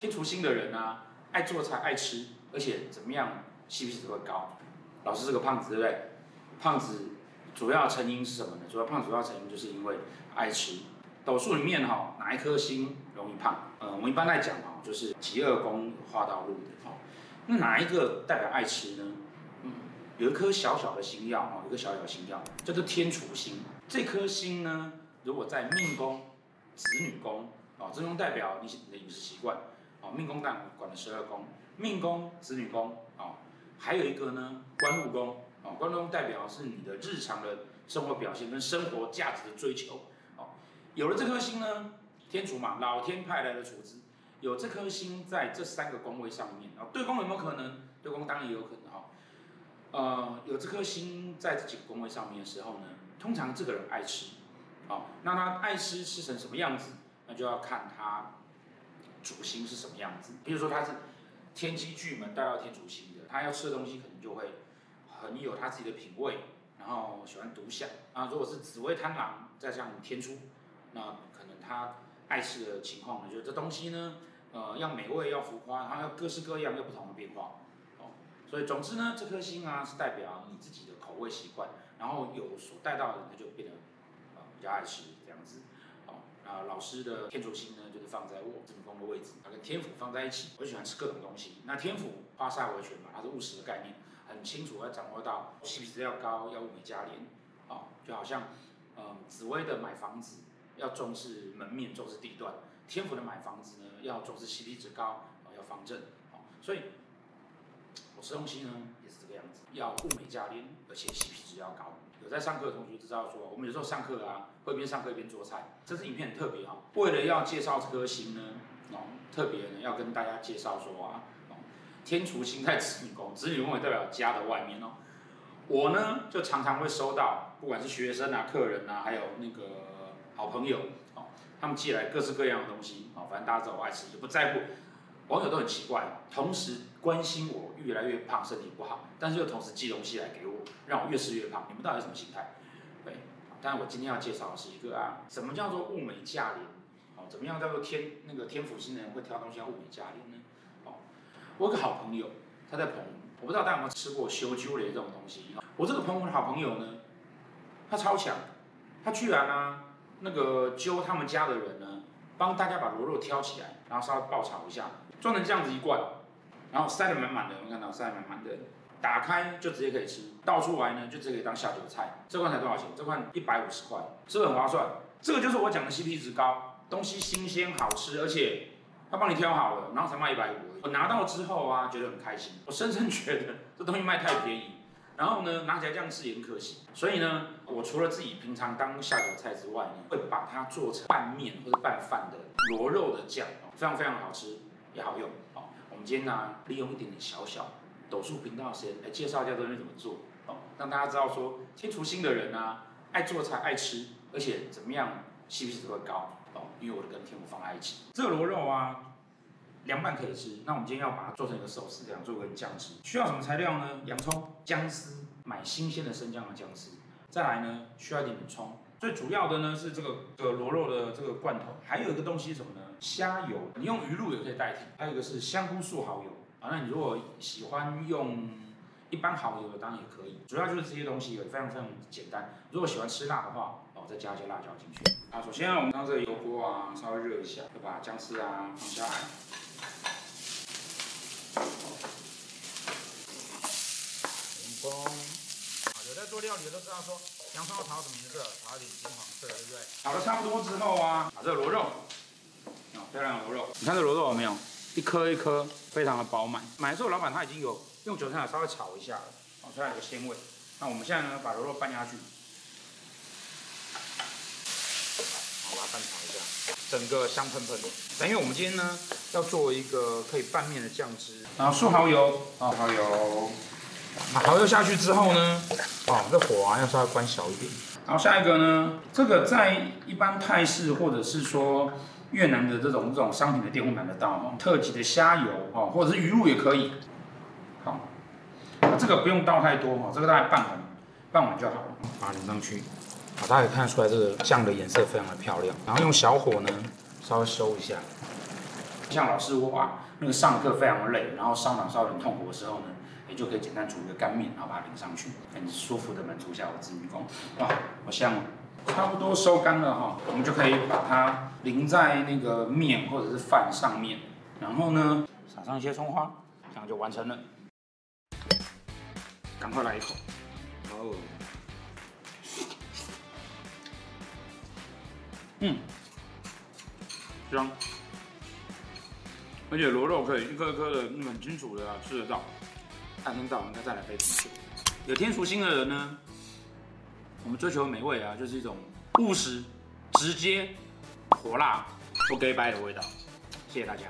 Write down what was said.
天廚星的人啊，愛做菜、愛吃，而且怎麼樣，CP 值會高。老師是個胖子，對不對？胖子主要成因是什麼呢？主要胖子主要成因就是因為愛吃。斗數裡面哈、哦，哪一顆星容易胖？呃、嗯，我們一般來講啊，就是疾厄宮化道路的啊、哦。那哪一個代表愛吃呢？嗯、有一顆小小的星曜，啊、哦，有一個小小的星曜，叫、就、做、是、天廚星。這顆星呢，如果在命宮、子女宮啊、哦，這種代表你的飲食習慣。命宮當管了十二宮，命宮、子女宮啊、哦，還有一個呢，官祿宮啊，官祿宮代表是你的日常的生活表現跟生活價值的追求啊、哦。有了這顆星呢，天廚嘛，老天派來的廚子，有這顆星在這三個宮位上面，然、哦、對宮有沒有可能？對宮當然也有可能啊、哦。呃，有這顆星在這幾個宮位上面的時候呢，通常這個人愛吃啊、哦。那他愛吃吃成什麼樣子，那就要看他，主星是什麼樣子？比如說他是天機巨門帶到天廚星的，他要吃的東西可能就會很有他自己的品味，然後喜歡獨享。啊，如果是紫微貪狼在像天廚，那可能他愛吃的情況呢，就是這東西呢，呃，要美味，要浮誇，然後要各式各樣，又不同的變化。哦，所以總之呢，這顆星啊是代表你自己的口味習慣，然後有所帶到的人，的他就變得、呃、比較愛吃這樣子。啊，老師的天廚星呢，就是放在臥子宮的位置，它、啊、跟天府放在一起。我喜歡吃各種東西。那天府化煞為權嘛，它是務實的概念，很清楚要掌握到，CP 值要高，要物美價廉。啊、哦，就好像，嗯、呃，紫微的買房子要重視門面，重視地段；天府的買房子呢，要重視 CP 值高，哦、要方正。啊、哦，所以。吃東西呢，也是這個樣子，要物美價廉，而且 CP 值要高。有在上課的同學知道說，我們有時候上課啊，會一邊上課一邊做菜，這支影片很特別啊、哦，為了要介紹這顆星呢，哦、特別呢要跟大家介紹說啊，哦、天廚星在子女宮，子女宮也代表家的外面哦。我呢就常常會收到，不管是學生啊、客人啊，還有那個好朋友、哦、他們寄來各式各樣的東西、哦、反正大家知道我愛吃，也不在乎，網友都很奇怪，同時關心我越來越胖，身體不好，但是又同時寄東西來給我，讓我越吃越胖。你們到底有什麼心態？哎，但我今天要介紹的是一個啊，什麼叫做物美價廉？哦，怎麼樣叫做天那個天府星人會挑東西要物美價廉呢？哦，我有個好朋友，他在彭，我不知道大家有沒有吃過修鳩雷這種東西。哦、我這個朋友的好朋友呢，他超強，他居然呢、啊，那個揪他們家的人呢。幫大家把螺肉挑起來，然後稍微爆炒一下，裝成這樣子一罐，然後塞得滿滿的，你看到塞得滿滿的，打開就直接可以吃，倒出來呢就直接可以當下酒的菜。這罐才多少錢？這罐一百五十塊，是不是很划算？這個就是我講的 CP 值高，東西新鮮好吃，而且他幫你挑好了，然後才賣一百五十塊。我拿到之後啊，覺得很開心，我深深覺得這東西賣太便宜。然後呢，拿起來這樣吃也很可惜。所以呢，我除了自己平常當下酒菜之外呢，會把它做成拌麵或者拌飯的螺肉的醬，非常非常好吃也好用。哦，我們今天呢，啊，利用一點點小小斗數頻道時間來介紹一下這東西怎麼做哦，讓大家知道說，天廚星的人啊，愛做菜愛吃，而且怎麼樣 CP 值會高哦，因為我跟天廚放在一起。這個螺肉啊。涼拌可以吃，那我們今天要把它做成一個壽司，這樣做一個醬汁，需要什麼材料呢？洋蔥、薑絲，買新鮮的生薑和薑絲。再來呢，需要一點蔥。最主要的呢，是這個這個螺肉的這個罐頭。還有一個東西是什麼呢？蝦油，你用魚露也可以代替。還有一個是香菇素蠔油啊，那你如果喜歡用一般蠔油的，當然也可以。主要就是這些東西，也非常非常簡單。如果喜歡吃辣的話，我再加一些辣椒進去啊。首先我們將這個油鍋啊稍微熱一下，就把薑絲啊放下來。成功好！有在做料理的都知道說，洋蔥要炒什麼顏色？炒到金黃色，對不對？炒得差不多之後啊，把這個螺肉，好、哦、漂亮的螺肉，你看這個螺肉有沒有？一顆一顆，非常的飽滿。買的時候老板他已經有用韭菜稍微炒一下炒、哦、出來有個鮮味。那我們現在呢，把螺肉拌下去。好啦，翻炒一下，整個香噴噴的。等於我們今天呢，要做一個可以拌麵的醬汁，然後素蠔油，啊、哦、蠔油，那蠔油下去之後呢，啊、哦、這火啊，要稍微關小一點。然後下一個呢，這個在一般泰式或者是說越南的這種這種商品的店會買得到哦，特級的蝦油哦，或者是魚露也可以。好、哦啊，這個不用倒太多哈、哦，這個大概半碗，半碗就好了。把它淋上去。大家也看得出來，這個醬的顏色非常的漂亮。然後用小火呢，稍微收一下。像老師傅那個上課非常的累，然後上場上很痛苦的時候呢，你就可以簡單煮一個乾麵，然後把它淋上去，很舒服的滿足一下我自己。工。哇、哦，好香啊！差不多收乾了哈、哦，我們就可以把它淋在那個麵或者是飯上面，然後呢，撒上一些蔥花，這樣就完成了。趕快來一口，哦。嗯，香，而且螺肉可以一顆一顆的、很清楚的吃得到。夏天到了，應該再來杯啤酒。有天廚星的人呢，我們追求美味啊，就是一種務實、直接、火辣、不假掰的味道。謝謝大家。